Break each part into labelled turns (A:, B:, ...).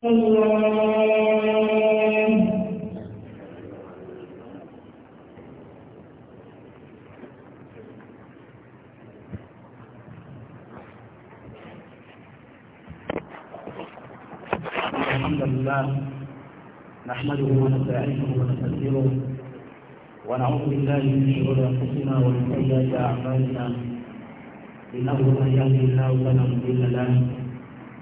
A: الحمد لله نحمده ونستعينه ونستغفره ونعوذ بالله من شرور انفسنا ومن سيئات اعمالنا انه من يهده الله فلا مضل له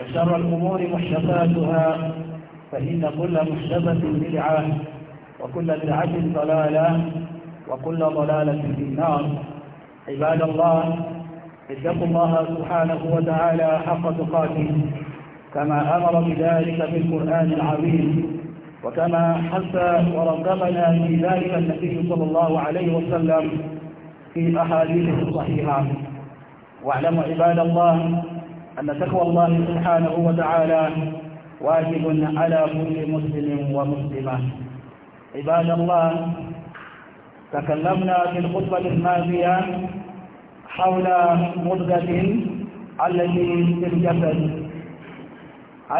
A: وشر الأمور محدثاتها فإن كل محدثة بدعة وكل بدعة ضلالة وكل ضلالة في النار عباد الله اتقوا الله سبحانه وتعالى حق تقاته كما أمر بذلك في القرآن العظيم وكما حث ورغبنا في ذلك النبي صلى الله عليه وسلم في أحاديثه الصحيحة واعلموا عباد الله أن تقوى الله سبحانه وتعالى واجب على كل مسلم ومسلمة عباد الله تكلمنا في الخطبة
B: الماضية حول مدة التي في الجسد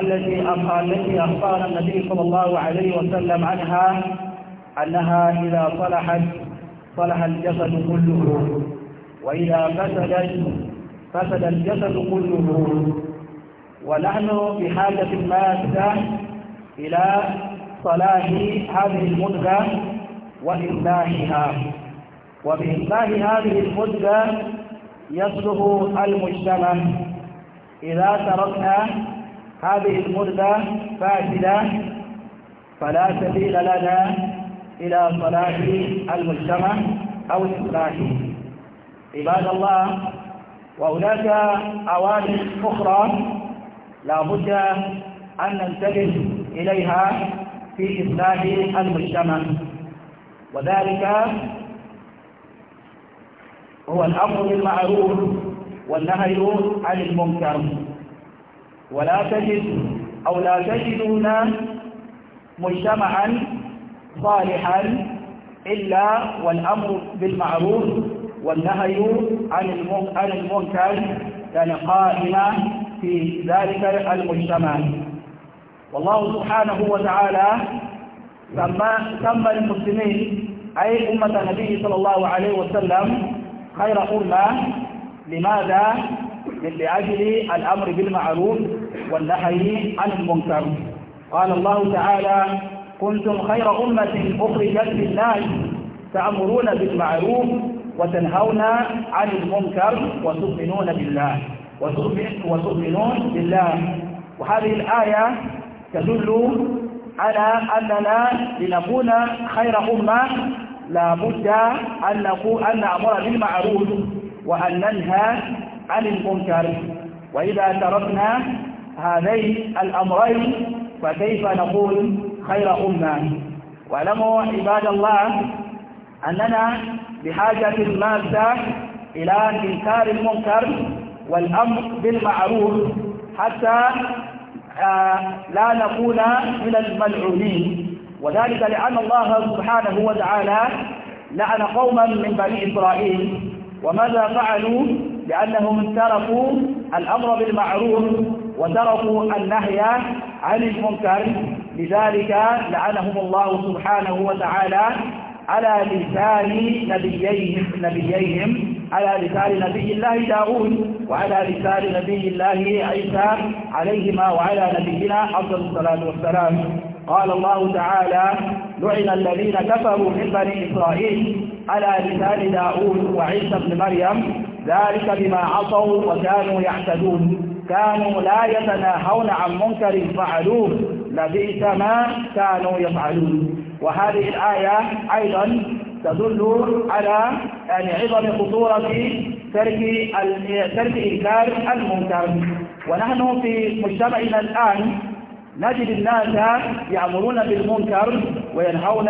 B: التي التي أخبر النبي صلى الله عليه
A: وسلم عنها أنها إذا صلحت صلح الجسد كله وإذا فسدت فسد الجسد كله ونحن بحاجة ماسة إلى صلاح هذه المدغة وإنباهها وبإنباه
B: هذه المدغة يصلح المجتمع إذا تركنا هذه المدغة فاسدة فلا سبيل لنا إلى صلاح المجتمع أو إصلاحه عباد الله وهناك عوامل أخرى لا بد أن ننتبه إليها في إصلاح المجتمع وذلك هو الأمر بالمعروف والنهي عن المنكر ولا تجد أو لا تجدون مجتمعا صالحا إلا والأمر بالمعروف والنهي عن المنكر كان قائما في ذلك المجتمع والله سبحانه وتعالى سمى, سمى المسلمين أي أمة النبي صلى الله عليه وسلم خير أمة لماذا؟ من لأجل الأمر بالمعروف والنهي عن المنكر قال الله تعالى كنتم خير أمة أخرجت للناس تأمرون بالمعروف وتنهون عن المنكر وتؤمنون بالله وتؤمنون بالله وهذه الآية تدل على أننا لنكون خير أمة لا بد أن نقول أن نأمر بالمعروف وأن ننهى عن المنكر وإذا تركنا هذين الأمرين فكيف نقول خير أمة واعلموا عباد الله أننا بحاجة ماسة إلى إنكار المنكر والأمر بالمعروف حتى آه، لا نكون من الملعونين وذلك لأن الله سبحانه وتعالى لعن قوما من بني إسرائيل وماذا فعلوا لأنهم تركوا الأمر بالمعروف وتركوا النهي عن المنكر لذلك لعنهم الله سبحانه وتعالى على لسان نبييهم نبييهم على لسان نبي الله داود وعلى لسان نبي الله عيسى عليهما وعلى نبينا أفضل الصلاة والسلام قال الله تعالى لعن الذين كفروا من بني إسرائيل على لسان داود وعيسى بن مريم ذلك بما عصوا وكانوا يعتدون كانوا لا يتناهون عن منكر فعلوه لبئس ما كانوا يفعلون وهذه الآية أيضا تدل على يعني عظم خطورة ترك ترك إنكار المنكر ونحن في مجتمعنا الآن نجد الناس يأمرون بالمنكر وينهون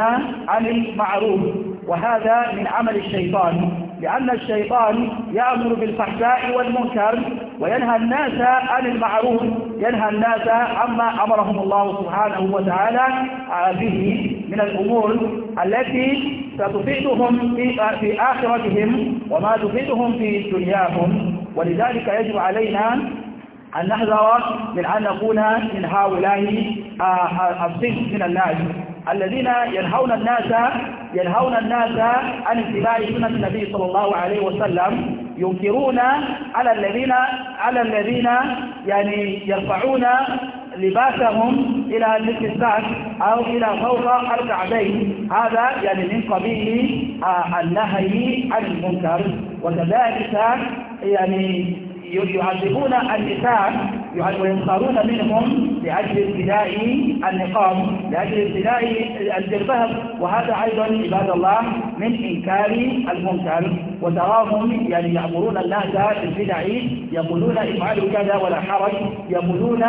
B: عن المعروف وهذا من عمل الشيطان لأن الشيطان يأمر بالفحشاء والمنكر وينهى الناس عن المعروف ينهى الناس عما أمرهم الله سبحانه وتعالى آه، به من الأمور التي ستفيدهم آه، في آخرتهم وما تفيدهم في دنياهم ولذلك يجب علينا أن نحذر من أن نكون من هؤلاء آه، الصف من الناس الذين ينهون الناس ينهون الناس عن اتباع سنة النبي صلى الله عليه وسلم ينكرون على الذين على الذين يعني يرفعون لباسهم إلى الاستساك أو إلى فوق الكعبين هذا يعني من قبيل آه، النهي عن المنكر وكذلك يعني يعذبون النساء ويسخرون منهم لأجل ابتداء النقاب لأجل ابتداء الجلباب وهذا أيضا عباد الله من إنكار المنكر وتراهم يعني يأمرون الناس بالبدع يقولون افعلوا كذا ولا حرج يقولون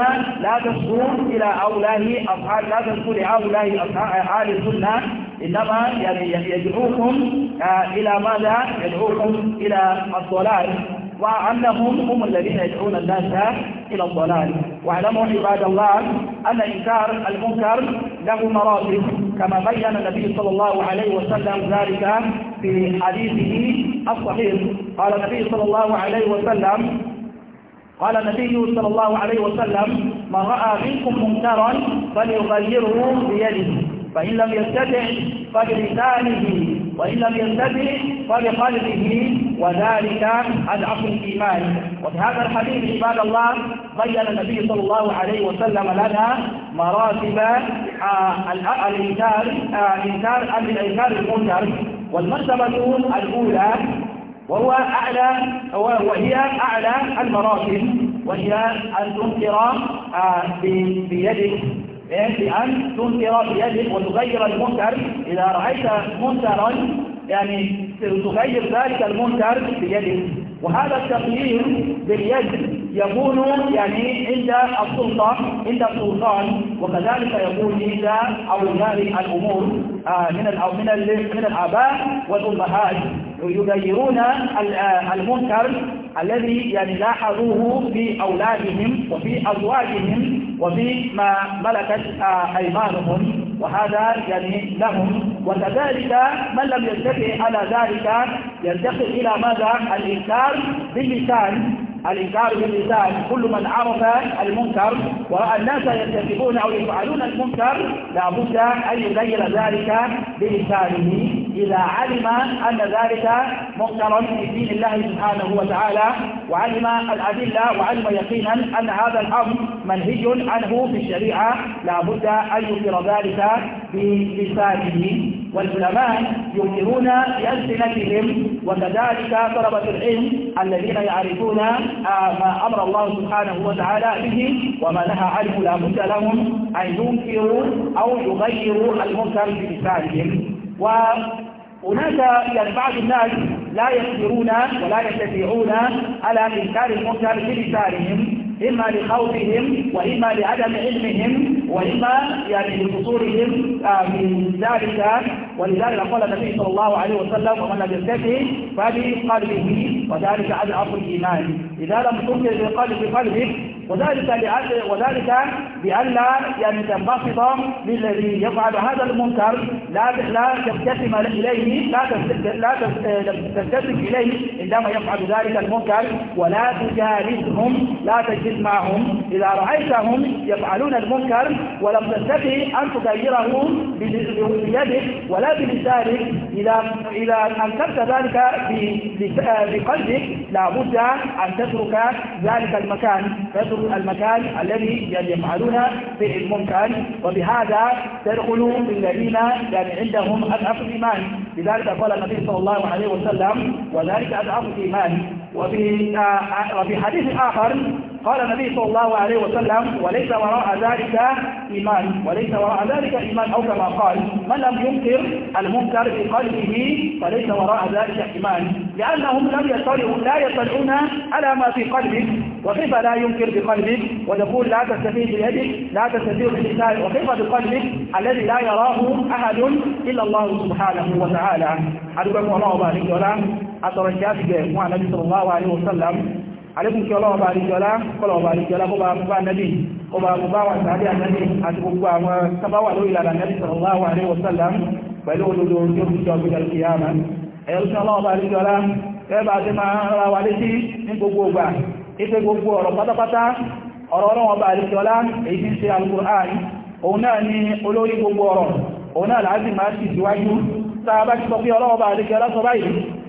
B: لا تسقوا إلى أولاه أصحاب لا تسقوا لأولاه أصحاب السنة إنما يعني يدعوكم آه، إلى ماذا؟ يدعوكم إلى الضلال وأنهم هم الذين يدعون الناس إلى الضلال واعلموا عباد الله أن إنكار المنكر له مراتب كما بين النبي صلى الله عليه وسلم ذلك في حديثه الصحيح قال النبي صلى الله عليه وسلم قال النبي صلى الله عليه وسلم من رأى منكم منكرا فليغيره بيده فإن لم يستطع فبلسانه وإن لم ينتبه فبقلبه وذلك العقل الإيمان وفي هذا الحديث عباد الله بين النبي صلى الله عليه وسلم لنا مراتب آه، الإنكار آه، إنكار الإنكار المنكر والمرتبة الأولى وهو أعلى وهي أعلى المراتب وهي أن تنكر آه، بيدك يعني أن تنكر بيدك وتغير المنكر إذا رأيت منكرا يعني تغير ذلك المنكر بيدك وهذا التغيير باليد يكون يعني عند السلطة عند السلطان وكذلك يكون عند أولياء الأمور آه، من من الآباء والأمهات يغيرون آه، المنكر الذي يعني لاحظوه في أولادهم وفي أزواجهم وفي ما ملكت آه، أيمانهم وهذا يعني لهم وكذلك من لم يستطع على ذلك ينتقل إلى ماذا الإنكار باللسان الإنكار باللسان كل من عرف المنكر ورأى الناس يرتكبون أو يفعلون المنكر لابد أن يغير ذلك بلسانه إذا علم أن ذلك مختر في دين الله سبحانه وتعالى وعلم الأدلة وعلم يقينا أن هذا الأمر منهي عنه في الشريعة لا بد أن يظهر ذلك بلسانه والعلماء يظهرون بألسنتهم وكذلك طلبة العلم الذين يعرفون آه، ما أمر الله سبحانه وتعالى به وما نهى عنه لا بد لهم أن ينكروا أو يغيروا المنكر بلسانهم وهناك يعني بعض الناس لا يقدرون ولا يستطيعون على إنكار المنكر بلسانهم إما لخوفهم وإما لعدم علمهم وإما يعني لقصورهم من آه، ذلك ولذلك قال النبي صلى الله عليه وسلم ومن لم يستطع فبقلبه وذلك عدم الإيمان إذا لم تنكر بقلبك وذلك لأجل وذلك لئلا يعني تنبسط للذي يفعل هذا المنكر لا لا تبتسم إليه لا لا تبتسم إليه عندما يفعل ذلك المنكر ولا تجالسهم لا تجلس معهم إذا رأيتهم يفعلون المنكر ولم تستطع أن تغيره بيدك ولا بلسانك إذا إذا أنكرت ذلك بقلبك لابد أن تترك ذلك المكان المكان الذي يعني يفعلون في الممكن وبهذا تدخل الذين يعني عندهم أضعف الإيمان لذلك قال النبي صلى الله عليه وسلم وذلك أضعف الإيمان وفي آه، آه، وفي حديث آخر قال النبي صلى الله عليه وسلم وليس وراء ذلك إيمان وليس وراء ذلك إيمان أو كما قال من لم ينكر المنكر في قلبه فليس وراء ذلك إيمان لأنهم لم يطلعوا لا يطلعون على ما في قلبك وكيف لا ينكر بقلبك ويقول لا تستفيد بيدك لا تستفيد بلسانك وكيف بقلبك الذي لا يراه أحد إلا الله سبحانه وتعالى أدعوكم الله وبارك ولا أترجى بكم النبي صلى الله عليه وسلم àlékún kí ọlọ́wọ́ bá àríjọlá kọlọ̀ bá àríjọlá kó bá bá nẹ́bì kó bá bá wà sàárì ànẹ́bì àti gbogbo àwọn sábáwà lórí ìlànà nẹ́bì sallallahu alaihi wasallam pẹ̀lú olódo tí ó fi jọ gbé jẹ́ kìyàmá ẹ̀rù kí ọlọ́wọ́ bá àríjọlá ẹ̀bà ti máa ra wa létí ní gbogbo ìgbà ipe gbogbo ọ̀rọ̀ pátápátá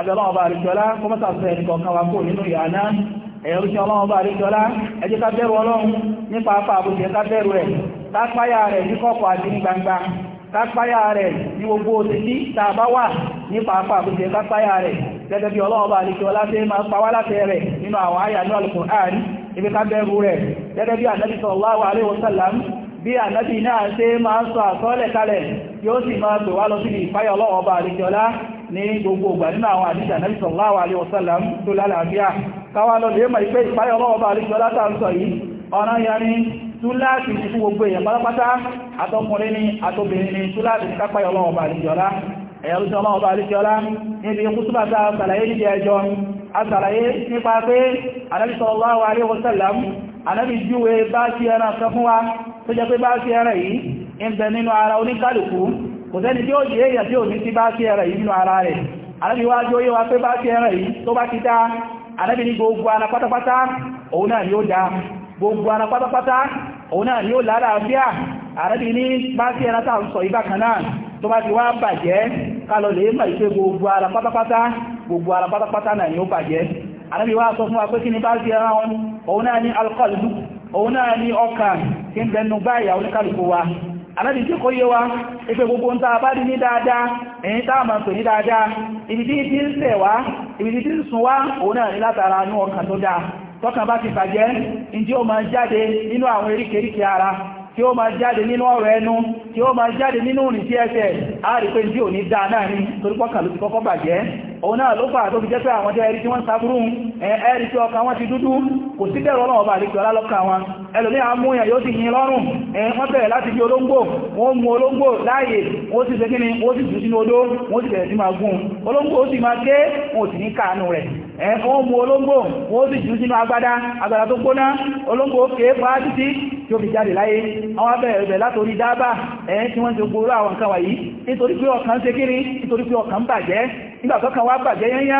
B: abẹ́lọ́wọ́ bá àríṣọ́lá kó mọ́ta sọ ẹnìkan kan wá kó nínú ìyàná ẹ̀yọ́ sí ọlọ́wọ́ bá àríṣọ́lá ẹ jẹ́ ká bẹ̀rù ọlọ́run nípa apá àbújẹ ká bẹ̀rù ẹ̀ tápáyà rẹ̀ gbangba tápáyà rẹ̀ ní gbogbo òṣèlú tàbá wà nípa apá àbújẹ tápáyà rẹ̀ gẹ́gẹ́ bí ọlọ́wọ́ bá àríṣọ́lá ṣe máa láti rẹ̀ nínú àwọn àyà ní al ibi ká rẹ̀ gẹ́gẹ́ bí ànábì sallallahu alaihi wasallam ní gbogbo ìgbà nínú àwọn àdíjà náà sallallahu alaihi wasallam tó lálàáfíà káwà lọ lè mọ̀ ìpé ìpáyọ̀ ọlọ́wọ́ bá àríjọ látàrísọ̀ yìí ọ̀nà ìyá ní túláàtì ti fún gbogbo èèyàn pátápátá àtọkùnrin ni àtobìnrin ni túláàtì ti kápáyọ̀ ọlọ́wọ́ bá àríjọ́lá ẹ̀yàrúsọ ọlọ́wọ́ bá àríjọ́lá níbi ikú túbàtà àṣàlàyé níbi ẹjọ́ àṣàlàyé nípa sallallahu alaihi wasallam Ànábì júwe bá sí ẹran kan fún wa tó jẹ́ pé bá sí ẹran yìí ń bẹ nínú ara oníkálùkù kò sẹ́ni tí ó jẹ́ èèyàn tí ò ní sí bá sí ẹ̀rẹ̀ yìí nínú ara rẹ̀ anábi wá jó yé wa pé bá sí ẹ̀rẹ̀ yìí tó bá ti dá anábi ní gbogbo ara pátápátá òun náà ni ó dá gbogbo ara pátápátá òun náà ni ó lára àfíà anábi ní bá sí ẹ̀rẹ̀ tàà ń sọ ìbákan náà tó bá ti wá bàjẹ́ kálọ̀ lè mọ̀ ìpé gbogbo ara pátápátá gbogbo ara pátápátá náà ni ó bàjẹ́ anábi wá sọ fún wa pé kí ni bá sí ẹ̀rẹ̀ òun náà ni alkọlù òun náà ni ọkàn tí ń bẹnu báyà oníkàlùkù wa anábi tí kò yé wa ìpé gbogbo ń tàà bá rí ní dáadáa ẹ̀yìn tàà máa pè ní dáadáa ibi tí ti ń sẹ̀ wá ibi tí ti ń sun wá òun náà ní látara ní ọkàn tó dáa tọ́kàn bá ti bàjẹ́ ìdí ó máa jáde nínú àwọn eríkèríkè ara tí ó máa jáde nínú ọ̀rọ̀ ẹnu tí ó máa jáde nínú òrìn tí ẹsẹ̀ ààrí pé tí ò ní dáa náà ní torípọ́kà ló ti kọ́kọ́ bàjẹ́ òun náà ló tó fi jẹ́ pé àwọn jẹ́ ẹ̀rí tí wọ́n sàbúrú ẹ̀rí tí wọn ti dúdú kò sí bẹ̀rọ ọlọ́ọ̀bà ẹ̀kọ́ wọn mú olóngbò wọ́n sì jù sínú agbádá agbádá tó gbóná olóngbò kéé pàá títí tí ó fi jáde láyé àwọn abẹ́ẹ̀rẹ̀ látorí dábà ẹ̀yẹn tí wọ́n ti gbòrò àwọn nǹkan wáyé nítorí pé ọkàn ṣe kiri nítorí pé ọkàn bàjẹ́ wá bàjẹ́ yányá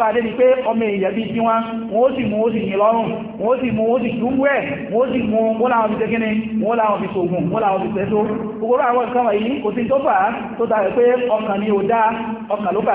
B: bá dé pé ọmọ èèyàn bí wọ́n sì mú lọ́rùn wọ́n sì mú ẹ̀ wọ́n sì mú wọ́n láwọn fi gbogbo àwọn kò sí tó fà á tó pé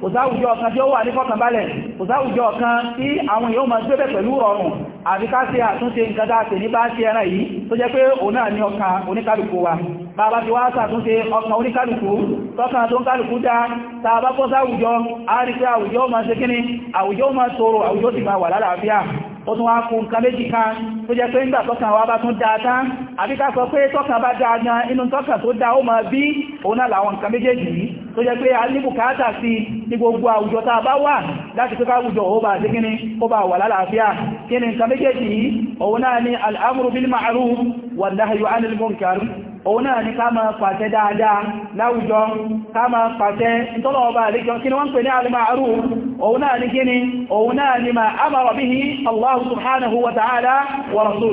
B: kò sáwùjọ kan tí ó wà ní fọ́kànbalẹ̀ kò sáwùjọ kan tí àwọn èèyàn máa gbébẹ̀ pẹ̀lú rọrùn àbí ká ṣe àtúnṣe nǹkan dáa tè ní bá ṣe ẹran yìí tó jẹ́ pé òun náà ní ọkàn oníkálùkù wa bàbá ti wá ṣàtúnṣe ọkàn oníkálùkù tọ́kàn tó ń kálùkù dá tàbá kọ́ sáwùjọ a rí pé àwùjọ máa ṣe kíní àwùjọ máa ṣòro àwùjọ sì máa wà lálàáfíà ó tún wá kún nǹkan méjì kan tó jẹ́ pé nígbà tọ́kàn wa bá tún dáa tán àbí sọ pé tọ́kàn bá dáa gan inú tọ́kàn tó dáa ó máa bí òun náà làwọn nǹkan méjèèjì tó jẹ́ pé alíbùkátà sí ní gbogbo àwùjọ tá a bá wà láti pé káwùjọ ó bá sí kíní ó bá wà lálàáfíà kí ni nǹkan méjèèjì yìí òun náà ni al'amuru bil ma'ruf wa nahyu 'anil munkar òun náà ni ká máa pàṣẹ dáadáa láwùjọ ká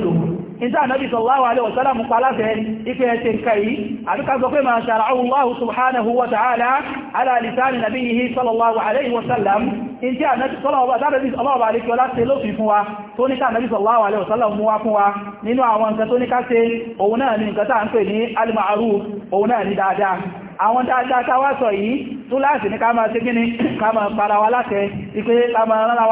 B: máa ìta ànábì sallallahu alaihi wasallam paláfẹ́ ipe ẹ̀tẹ̀ nǹkan yìí àbíká sọ pé máa shara'ahu Allahu subhanahu wa ta'ala ala lisani nabiyyihi sallallahu alaihi wasallam in tí ànábì sallallahu alaihi wa láti lófin fún wa tó ní ká sallallahu alaihi wasallam mú wa fún wa nínú àwọn nǹkan tó ní ká ṣe ni nǹkan tá à ń al-ma'ruf òun náà ni dáadáa àwọn dáadáa táwà sọ yìí túláàsì ní ká máa ṣe gíní ká máa para wa láṣẹ ipé ká máa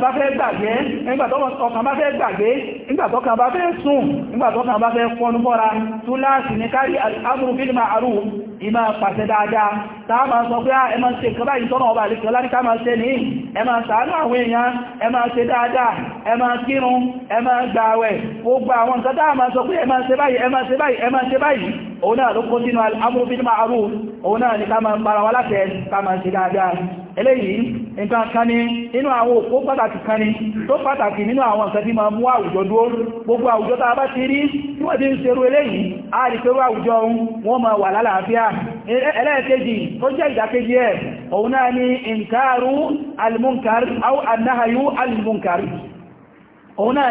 B: bá fẹ́ gbàgbé nígbàtọ́kàn bá fẹ́ gbàgbé nígbàtọ́kàn bá fẹ́ sùn nígbàtọ́kàn bá fẹ́ ìmá pàṣẹ dáadáa táà máa sọ pé ah, ẹ máa ṣe nǹkan báyìí tọ́nà ọba àlèkọ́ láríká máa ṣe ní ẹ máa ṣàánú àwọn èèyàn ẹ máa ṣe dáadáa ẹ máa kírun ẹ máa gbààwẹ̀ gbogbo àwọn nǹkan táà máa sọ pé ẹ ṣe báyìí eléyìí nǹkan kan ní inú àwọn òpó pàtàkì kan ní tó pàtàkì nínú àwọn nǹkan tí ma mú àwùjọ dúró gbogbo àwùjọ tàà bá ti rí tí wọ́n ti ń ṣerú eléyìí a rí pẹ̀lú àwùjọ wọn ma wà lálàáfíà e, e, ẹlẹ́ẹ̀kejì tó jẹ́ ìdàkejì ẹ̀ òun náà ni inkaru almunkar au annahayu almunkar òun náà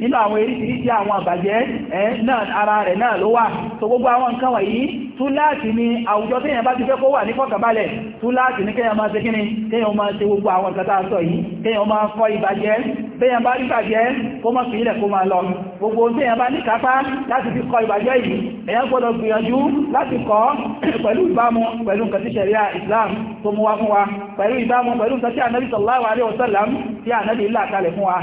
B: nínú àwọn eríṣiríṣi àwọn àbàjẹ́ náà ara rẹ̀ náà ló wà tó gbogbo àwọn nǹkan wọ̀nyí túláàtì ni àwùjọ tí èèyàn bá ti fẹ́ kó wà ní fọ́kànbalẹ̀ túláàtì ni kéèyàn máa ṣe kíni kéèyàn máa ṣe gbogbo àwọn nǹkan tá a sọ yìí kéèyàn máa fọ́ ìbàjẹ́ béèyàn bá rí bàjẹ́ kó mọ́ sí ilẹ̀ kó máa lọ gbogbo béèyàn bá ní kápá láti fi kọ ìbàjẹ́ yìí tó mú wá fún wa pẹ̀lú ìbámu pẹ̀lú nǹkan tí ànábì tí ànábì kalẹ̀ fún wa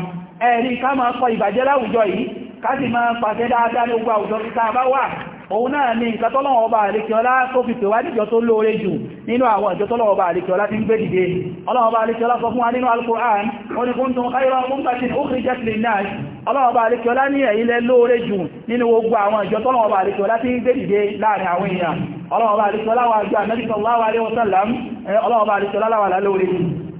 B: ẹ̀rí ká máa kọ ìbàjẹ́ láwùjọ yìí ká sì máa pàṣẹ dáadáa ní ogun àwùjọ títà bá wà òun náà ni nǹkan tọ́lọ́wọ́ ọba àríkíọlá tó fi pè wá níjọ tó lóore jù nínú àwọn ìjọ tọ́lọ́wọ́ ọba àríkíọlá ti ń gbé dìde ọlọ́wọ́ ọba àríkíọlá sọ fún wa nínú Al-Qur'an ó ní kuntum khayra ummatin ukhrijat lin-nas ọlọ́wọ́ ọba àríkíọlá ní ẹ̀yìnlẹ́ lóore jù nínú gbogbo àwọn ìjọ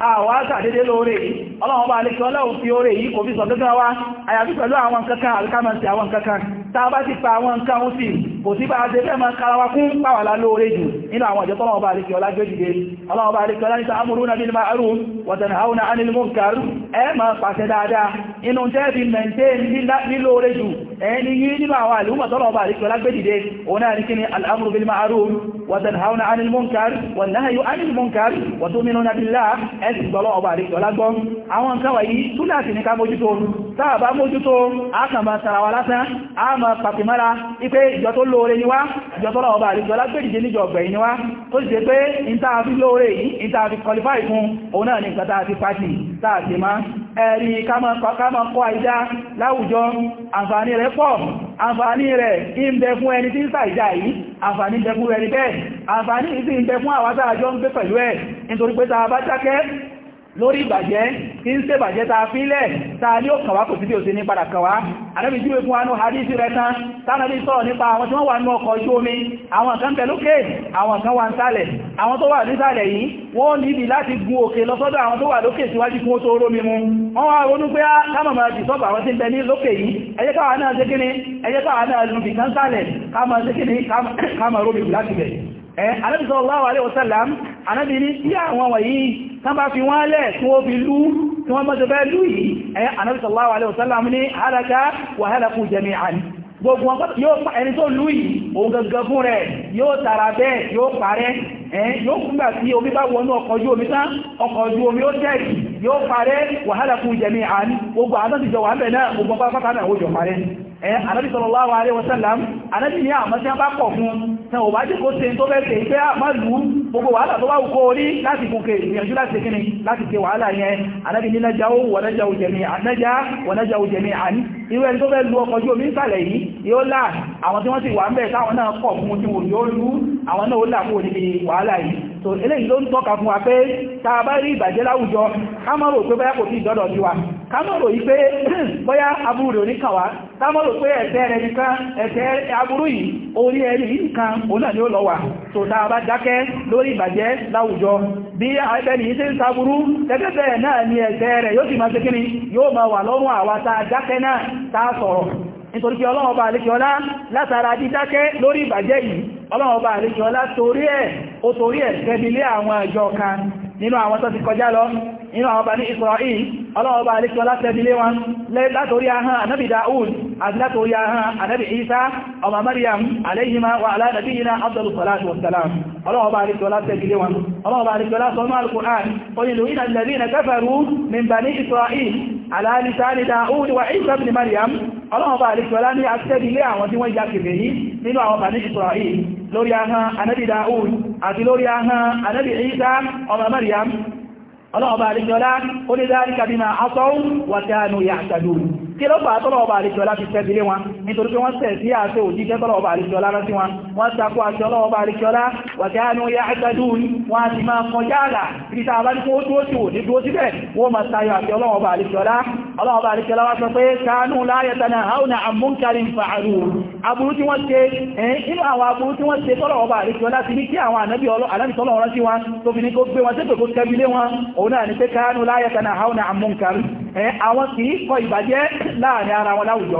B: àwọ̀ àṣàdédé lóore ọlọ́run bá lè kí ọlọ́run fi oore yìí kò fi sọ gẹ́gẹ́ wá àyàfi pẹ̀lú àwọn nǹkan kan àríkámọ̀sí àwọn nǹkan kan tá a bá ti pa àwọn nǹkan ó sì kò sí bá ṣe fẹ́ ma karawa kún pàwàlá lóore jù nínú àwọn ìjọ tọ́lọ́wọ́ bá alékẹ́ ọlá gbéjìdé ọlọ́wọ́ bá alékẹ́ ọlá ní ta'amuruna bil ma'ruf wa tanhauna 'anil munkar ẹ ma pàṣẹ dáadáa inú tẹ́ẹ̀bì maintain ìjọ tó l lóore ni wá ìjọ tọ́lọ̀ ọba àlejò alágbèdìde níjọ ọgbẹ̀yìn ni wá tó sì ṣe pé ìta lóore yìí ìta fi fún òun náà ní nǹkan tá pàtì tá má ẹ̀rí kámọ́ kọ́ àìdá láwùjọ àǹfààní rẹ̀ pọ̀ àǹfààní rẹ̀ ń fún ẹni tí ń sàìdá yìí àǹfààní bẹ fún ẹni bẹ́ẹ̀ àǹfààní ìsìn bẹ fún àwátà àjọ ń gbé pẹ̀lú ẹ̀ nítorí pé tá bá dákẹ́ lórí ìbàjẹ́ tí ń ṣèbàjẹ́ ta fílẹ̀ ta ní ó kàwá kò sí bí ó ti ní padà kàwá ànábì jíwé fún anú hadisi rẹ̀ tán tánàbí sọ̀rọ̀ nípa àwọn tí wọ́n wà ní ọkọ̀ ojú omi àwọn kan pẹ̀lúkè àwọn kan wà ń sálẹ̀ àwọn tó wà nísàlẹ̀ yìí wọ́n níbi láti gun òkè lọ́sọ́dọ̀ àwọn tó wà lókè síwájú kún ó tó rómi mu wọ́n wá ronú pé kámàmà ti sọ́bà àwọn tí ń bẹ ní lókè yìí ẹjẹ́ káwà náà ṣe kíní ẹjẹ́ káwà náà lùbì kan sálẹ̀ kámà ṣe kíní kámà rómi láti bẹ̀ Ànábì sallallahu alaihi wasallam Ànábì ní tí àwọn wọ̀nyí tán bá fi wọ́n lẹ̀ tí wọ́n fi lú tí wọ́n mọ́jọ bẹ́ lú yìí Ànábì sallallahu alaihi wasallam ní halaka wa halaku jami'an gbogbo ẹni tó lú yìí òun gangan ẹ̀ẹ́ yóò fúngbà tí omi bá wọnú ọkọ̀ ojú omi tán ọkọ̀ ojú omi ó tẹ́ẹ̀kì yóò parẹ́ wàhálà fún jẹmi àní gbogbo àtàtìjọ wà bẹ̀ náà gbogbo pápátá náà ó parẹ́ ẹ̀ anábì wasallam anábì ní àmọ́ tí a bá pọ̀ fún tẹ ò bá jẹ́ kó se tó bẹ́ se ìfẹ́ àmọ́ lù ú gbogbo wàhálà tó bá wù kó orí láti gùnkè ìgbìyànjú láti kíni láti ṣe wàhálà yẹn anábì ní nájà ó wọ̀ nájà òjẹ̀mí ànájà wọ̀ nájà òjẹ̀mí àní irú ẹni tó fẹ́ lu ọkọ̀ ojú omi ń àwọn náà pọ̀ fún ojú òjò lú àwọn náà ó là kó wà wàhálà yìí so eléyìí ló ń tọ́ka fún wa pé tá a bá rí ìbàjẹ́ láwùjọ ká má rò pé bóyá kò sí ìdọ́dọ̀ sí wa ká má rò yí pé bóyá aburú rẹ̀ oníkà wá ká má rò pé ẹ̀ṣẹ̀ rẹ̀ nìkan ẹ̀ṣẹ̀ aburú yìí orí ẹni yìí nìkan òun náà ni ó lọ wà so tá a bá dákẹ́ lórí ìbàjẹ́ láwùjọ bí ẹni yìí ṣe ń saburú gẹ́gẹ́ bẹ́ẹ̀ náà ni ẹ̀ṣẹ̀ rẹ̀ yóò sì máa ṣe kíni yóò máa wà lọ́rùn àwa tá a dákẹ́ náà tá a sọ̀rọ̀ nítorí pé ọlọ́wọ́ bá àlékẹ́ ọlá látara dídákẹ́ lórí ìbàjẹ́ yìí ọlọ́run bá àlejò ọlá torí ẹ̀ ó torí ẹ̀ tẹ́bilé àwọn àjọ kan nínú àwọn tó ti kọjá lọ inú àwọn Bani Isra'il ọlọ́ọ̀bá alẹ́kọ́ látẹ́bílé wọn látorí ahán anábì Da'ud àti látorí ahán anábì Isa ọmọ Maryam alayhima wa ala nabiyyina afdalus salatu wassalam ọlọ́ọ̀bá alẹ́kọ́ látẹ́bílé wọn ọlọ́ọ̀bá alẹ́kọ́ látọ́nú al-Qur'an qul inna alladhina kafaru min Bani Isra'il ala lisani Da'ud wa Isa ibn Maryam ọlọ́ọ̀bá alẹ́kọ́ lá ní àtẹ́bílé àwọn tí wọ́n já kèfèé yìí nínú àwọn Bani Isra'il lórí ahán anábì Da'ud àti lórí ahán anábì Isa ọmọ Maryam ọlọ́ọ̀bá àríkẹ́ọlá ó ní dáríkà bí máa asọ́ wà tí a nù yà àtàdùn kí ló fà tọ́lọ̀ọba àríṣọ́lá fi tẹ́ sílé wọn nítorí pé wọ́n tẹ̀ sí àṣẹ òjíṣẹ́ tọ́lọ̀ọba àríṣọ́lá rántí wọn wọ́n takó àṣẹ ọlọ́ọba àríṣọ́lá wàkánú ya àtàdún wọ́n ti máa kọjá àlà bí ta bá ní kó tó tí ò ní dúó síbẹ̀ wọ́n máa tayọ àṣẹ ọlọ́ọba àríṣọ́lá ọlọ́ọba àríṣọ́lá wá sọ pé kánú láyẹ tana hauna àmúnkari fàárù aburú tí wọ́n ṣe inú àwọn aburú ní tó fi Eh, àwọn kìí kọ ìbàjẹ́ láàrin ara wọn láwùjọ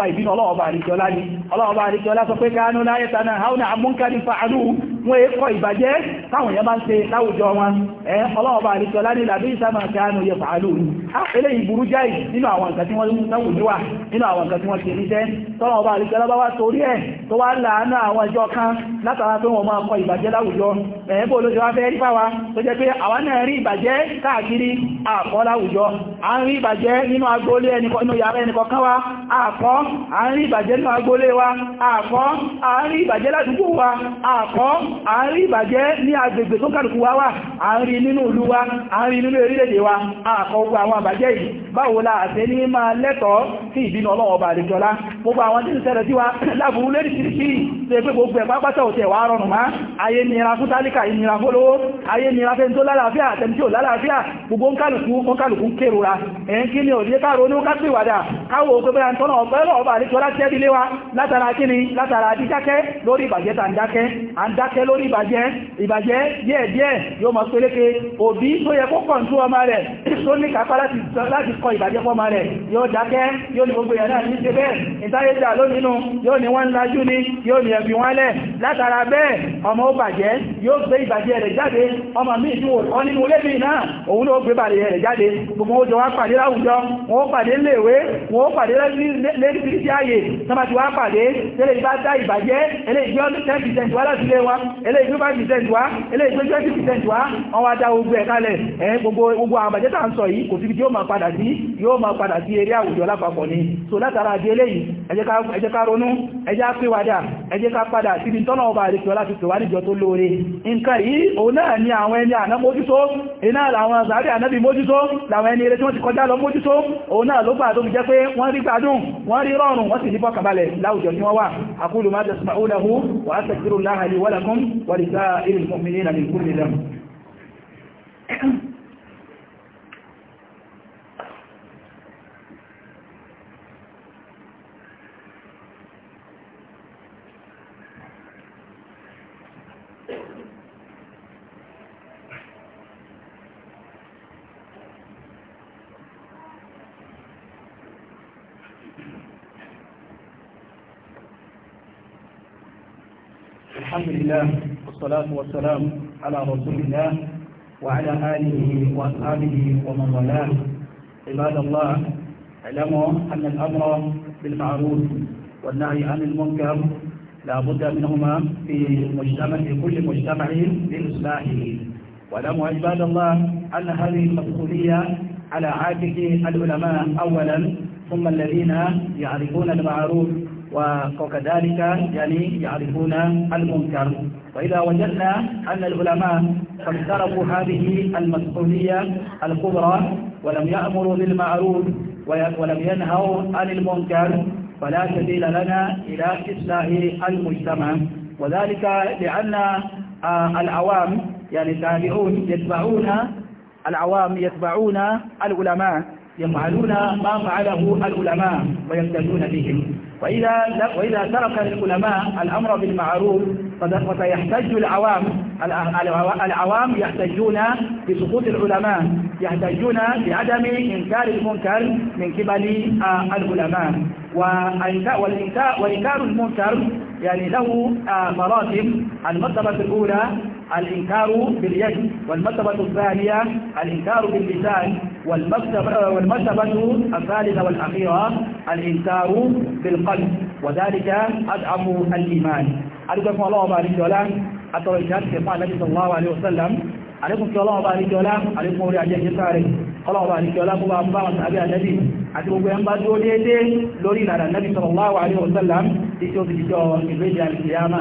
B: fa ìbínú ọlọ́wọ́ bá àríkíọlá ní ọlọ́wọ́ bá àríkíọlá sọ pé káánú láyé haúnà àmúnkàrí fàánú wọ́n èkọ́ ìbàjẹ́ táwọn èèyàn bá ń ṣe láwùjọ wọn ẹ ọlọ́wọ́ àríkíọlá ní làbí ìsámà káánú yẹ fàánú ní eléyìí burú jáì nínú àwọn nǹkan tí àkọ́ àárín ìbàjẹ́ náà agbólé wa àkọ́ àárín ìbàjẹ́ ládùúgbò wa àkọ́ àárín ìbàjẹ́ ní agbègbè tó kàlùkù wa wà à ń rí nínú ìlú wa a ń rí nínú orílẹ̀-èdè wa àkọ́gbọ́ àwọn àbàjẹ́ yìí báwo la àṣẹ ní máa lẹ́tọ̀ọ́ sí ìbínú ọlọ́wọ́ ọba àdìjọlá gbogbo àwọn tí ń ṣẹlẹ̀ sí wa láburú lórí kìrìkìrì tó ẹgbẹ́ gbogbo ẹ̀ pápátá òtẹ̀ wà rọrùn má ayé nira fún tálíkà ìnira fólówó ayé nira fẹ́ tó lálàáfíà àtẹni tí ò lálàáfíà gbogbo nkálùkù nkálùkù kérora ẹ̀yìn kí ni òdíyẹ káàrò ní ká pèwàdà káwò ìbàjẹ́ tàǹdákẹ́ àǹdákẹ́ lórí ìbàjẹ́ ìbàjẹ́ díẹ̀díẹ̀ yóò mọ̀ peléke òbí tó yẹ kó kọ̀ǹtú ọmọ rẹ̀ tó ní kápá láti kọ ìbàjẹ́ fọ́mọ rẹ̀ yóò dákẹ́ yóò ní gbogbo ìyànà ní ṣe bẹ́ẹ̀ ìtayéjà lónínú yóò ní wọ́n lájú ní yóò ní ẹ̀bí wọ́n lẹ̀ látara bẹ́ẹ̀ ọmọ ó bàjẹ́ yóò gbé ìbàjẹ́ rẹ̀ jáde ọmọ mi ìdí òkọ́ nínú lébì náà òun ló gbé bàjẹ́ rẹ̀ jáde gbogbo ó jọ wá pàdé láwùjọ wọn ó pàdé léèwé wọn ó pàdé lérí sí ààyè sábà ti wá pàdé tẹ́lẹ̀ ìbá dá ìbàjẹ́ eléyìí 10% wá láti lé wa eléyìí 5% wá eléyìí 20% wá wọ́n wá dá gbogbo ẹ̀ kalẹ̀ ẹ̀ gbogbo àwọn bàjẹ́ tà ń sọ yìí kò síbi tí yóò máa padà sí yóò máa padà sí eré àwùjọ lápapọ̀ ni so látara di eléyìí ẹ jẹ́ ká ronú ẹ jẹ́ pèwàdà ẹ jẹ́ ká padà síbi tọ́nà ọba àríkẹ́ láti pèwà níjọ tó lóore nǹkan yìí òun náà ni àwọn ẹni àná mójútó iná làwọn sàárì ànábì mójútó làwọn ẹni eré tí wọ́n ti kọjá lọ mójútó òun náà ló
A: الحمد لله والصلاة والسلام على رسول الله وعلى آله وأصحابه ومن والاه عباد الله اعلموا أن الأمر بالمعروف والنهي عن المنكر لا بد منهما في مجتمع في كل مجتمع لإصلاحه واعلموا عباد الله أن هذه المسؤولية على عاتق العلماء أولا ثم الذين يعرفون المعروف وكذلك يعني يعرفون المنكر وإذا وجدنا أن العلماء فاقتربوا هذه المسؤولية الكبرى ولم يأمروا بالمعروف ولم ينهوا عن المنكر فلا سبيل لنا إلى إصلاح المجتمع وذلك لأن آه،
B: العوام يعني تابعون يتبعون العوام يتبعون العلماء يفعلون ما فعله العلماء ويمتدون بهم وإذا, وإذا ترك العلماء الأمر بالمعروف وسيحتج العوام العوام يحتجون بسقوط العلماء يحتجون بعدم إنكار المنكر من قبل آه، العلماء وإنكار المنكر يعني له آه، مراتب المرتبة الأولى الإنكار باليد والمرتبة الثانية الإنكار باللسان والمرتبة آه، الثالثة والأخيرة الإنكار بالقلب وذلك أدعم الإيمان adúgbẹ́ fún ọlọ́wọ́ bá àríjọlá àtọrọ ìjáṣẹ́ fún alẹ́bí sallallahu alaihi wasallam àríkùn kí ọlọ́wọ́ bá àríjọlá àríkùn orí ajé ìjẹta rẹ̀ ọlọ́wọ́ bá àríjọlá kó bá ń bá wọn tàbí alẹ́bí àti gbogbo sallallahu alaihi wasallam tí ó ti jíjọ ìgbéjà ìyáma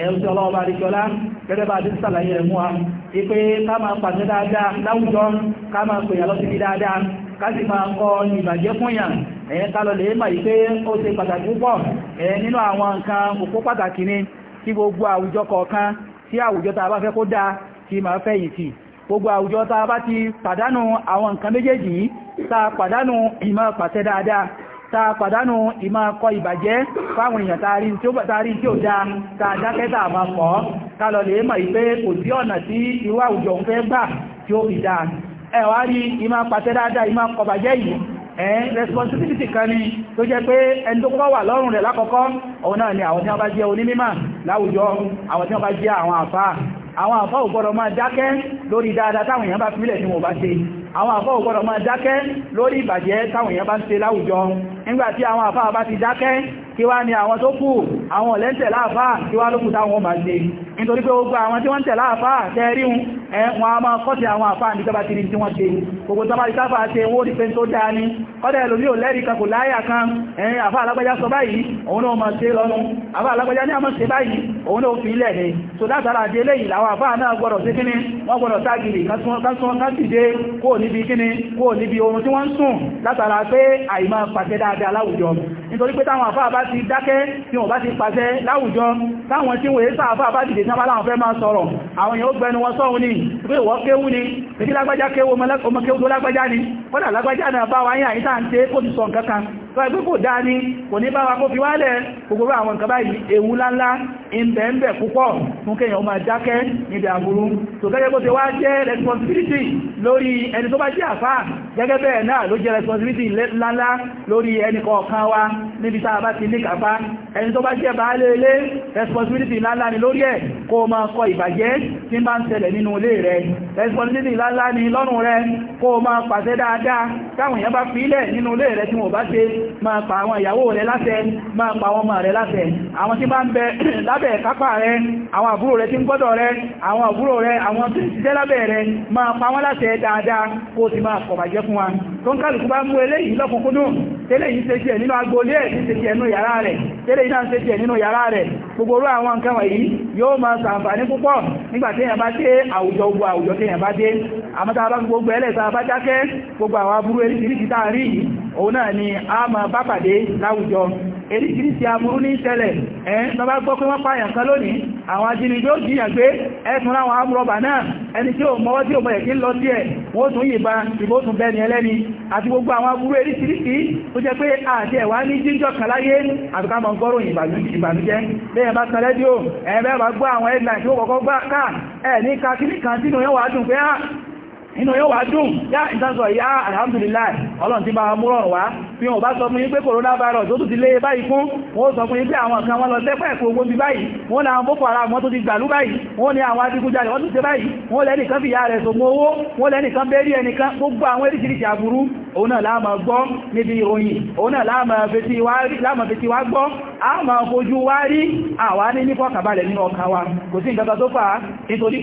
B: ẹ̀yọ́ tí ọlọ́wọ́ bá àríjọlá gẹ́gẹ́ bá ti sàlàyé rẹ̀ mú wa ipé ká máa pàṣẹ dáadáa láwùjọ ká máa pèyà lọ síbi dáadáa ká sì máa kọ ìbàjẹ́ fún yàn ẹ̀yẹn ká lè máa yí ó ṣe pàtàkì púpọ̀ ẹ̀yẹn nínú àwọn nǹkan òpó pàtàkì ni tí gbogbo àwùjọ kọ̀ọ̀kan tí àwùjọ tá a bá fẹ́ kó dáa tí máa fẹ̀yìntì gbogbo àwùjọ tá a bá ti pàdánù àwọn nǹkan méjèèjì tá a pàdánù ìmọ̀ pàṣẹ dáadáa tá a pàdánù ìmọ̀ kọ ìbàjẹ́ fáwọn èèyàn tààrí tí ó dáa tá a dákẹ́ tá a máa kọ́ ká lọ lè mọ̀ pé kò ẹ̀yìn responsibility kan ní tó jẹ́ pé ẹni tó kọ́ wà lọ́rùn rẹ̀ lákọ̀ọ́kọ́ òun náà ni àwọn tí wọ́n bá jẹ́ onímímọ̀ láwùjọ àwọn tí wọ́n bá jẹ́ àwọn àfáà àwọn àfá ò gbọ́dọ̀ máa dákẹ́ lórí dáadáa táwọn èèyàn bá fílẹ̀ tí wọ́n bá ṣe àwọn àfá ò gbọ́dọ̀ máa dákẹ́ lórí ìbàjẹ́ táwọn èèyàn bá ń ṣe láwùjọ nígbàtí àwọn àfáà bá ti dákẹ́ kí wá ní àwọn tó kù àwọn ọ̀lẹ́ntẹ̀ láàfáà kí wá lókù táwọn máa ṣe nítorí pé gbogbo àwọn tí wọ́n tẹ̀ láàfáà tẹ́rí wọn a máa kọ́sí àwọn àfáà ní tọ́bá ti rí tí wọ́n ṣe gbogbo tọ́bá ti sáfà ṣe owó ní pé dáa ní kọ́dẹ̀ ẹlòmí ò lẹ́rí kan láyà kan ẹ̀yìn àfáà alágbájá sọ báyìí òun náà máa ṣe lọ́nu àfáà alágbájá ní àmọ́ báyìí òun náà fi ilẹ̀ ni so látara àti eléyìí làwọn àfáà náà gbọ́dọ̀ sí kíní wọ́n gbọ́dọ̀ ságìrì kásán kásìdé kó níbi kíní kó níbi oorun tí wọ́n ń sùn látara pé àìmọ́ pàtẹ́dá dáadáa láwùjọ nítorí pé táwọn àfáà bá ti dákẹ́ tí wọ́n bá ti pàṣẹ láwùjọ táwọn tí wọ́n èsà àfáà bá dìde sábà láwọn fẹ́ máa sọ̀rọ̀ àwọn èèyàn ó gbẹnu wọn sọ́hun ní pé ìwọ́ kéwú ni tó ẹgbẹ́ kò dá ní kò ní bá wa kó fi wálẹ̀ gbogbo àwọn nǹkan báyìí ewu láńlá ìbẹ̀ẹ̀bẹ̀ púpọ̀ fún kẹyàn ó máa dákẹ́ níbi àbúrú tó gẹ́gẹ́ bó ti wá jẹ́ responsibility lórí ẹni tó bá jẹ́ àfá gẹ́gẹ́ bẹ́ẹ̀ náà ló jẹ́ responsibility láńlá lórí ẹni kọ̀ọ̀kan wa níbi tá a bá ti ní kàfá ẹni tó ni lórí ẹ̀ kó o máa kọ ìbàjẹ́ ni lọ́rùn rẹ̀ kó Ma pa àwọn ìyàwó rẹ̀ láṣẹ máa pa àwọn ọmọ rẹ̀ láṣẹ àwọn tí bá ń bẹ lábẹ́ kápá rẹ̀ àwọn àbúrò rẹ̀ tí ń gbọ́dọ̀ rẹ̀ àwọn àbúrò rẹ̀ àwọn tí ṣiṣẹ́ lábẹ́ rẹ̀ máa pa wọ́n láṣẹ dáadáa kó sì máa kọ̀bàjẹ́ fún wa tó ń kálukú bá mú eléyìí lọ́kùnkúndùn tẹ́lẹ̀ yìí ṣe jẹ́ nínú agbolé ẹ̀ ṣe jẹ́ nínú yàrá rẹ̀ tẹ́lẹ̀ yìí náà ṣe jẹ́ nínú yàrá rẹ̀ gbogbo orú àwọn nǹkan wọ̀nyí yóò máa ṣàǹfààní púpọ̀ nígbàtí èèyàn bá dé àwùjọ gbogbo àwùjọ tí èèyàn bá dé àmọ́ta bá gbogbo ẹlẹ́ta bá dákẹ́ gbogbo àwọn aburú eríṣiríṣi táà rí òun náà ni a máa bá pàdé láwùjọ eríkìrísí aburú ní ìṣẹ̀lẹ̀ ẹ̀ẹ́n tó bá gbọ́ pé wọ́n pààyàn kan lónìí àwọn ajínigbó jìyàn pé ẹ̀sùn láwọn amúrọ̀bà náà ẹni tí ó mọ́wọ́ tí ó mọ̀ ẹ̀kí lọ sí ẹ̀ wọ́n tún yìnbọn ìbò tún bẹ́ni ẹlẹ́ni àti gbogbo àwọn aburú eríkìrísí tó jẹ́ pé àti ẹ̀wà ní jíjọ́ kan láyé àbíká mọ̀ gọ́rùn ìbànújẹ́ bẹ́ẹ̀ bá kan rẹ́díò ẹ̀ẹ́bẹ́ bá gbọ́ àwọn headline tí ó kọ́kọ́ gbá káà ẹ̀ ní kakiri kan sínú yẹn wà á dùn pé ah, inú yóò wá dùn yá ìtànsọ̀ ìyá alhamdulillah ọlọ́run ti bá wa múrọ̀rùn wá bí wọn bá sọ fún yín pé corona virus tó tún ti lé e báyìí fún wọn sọ fún yín pé àwọn kan wọn lọ sẹ́pẹ̀ ẹ̀kọ́ ogun bí báyìí wọn làwọn boko haram wọn tó ni àwọn adigunjalè wọn tún ṣe báyìí wọn lẹ́nìkan fi ìyá rẹ̀ sògbó owó wọn lẹ́nìkan bẹ́rí ẹnìkan gbogbo àwọn eríṣiríṣi aburú òun náà láàmà gbọ́ níbi ìròyìn òun náà láàmà fetí wá gbọ́ a máa fojú wá rí tó fà nítorí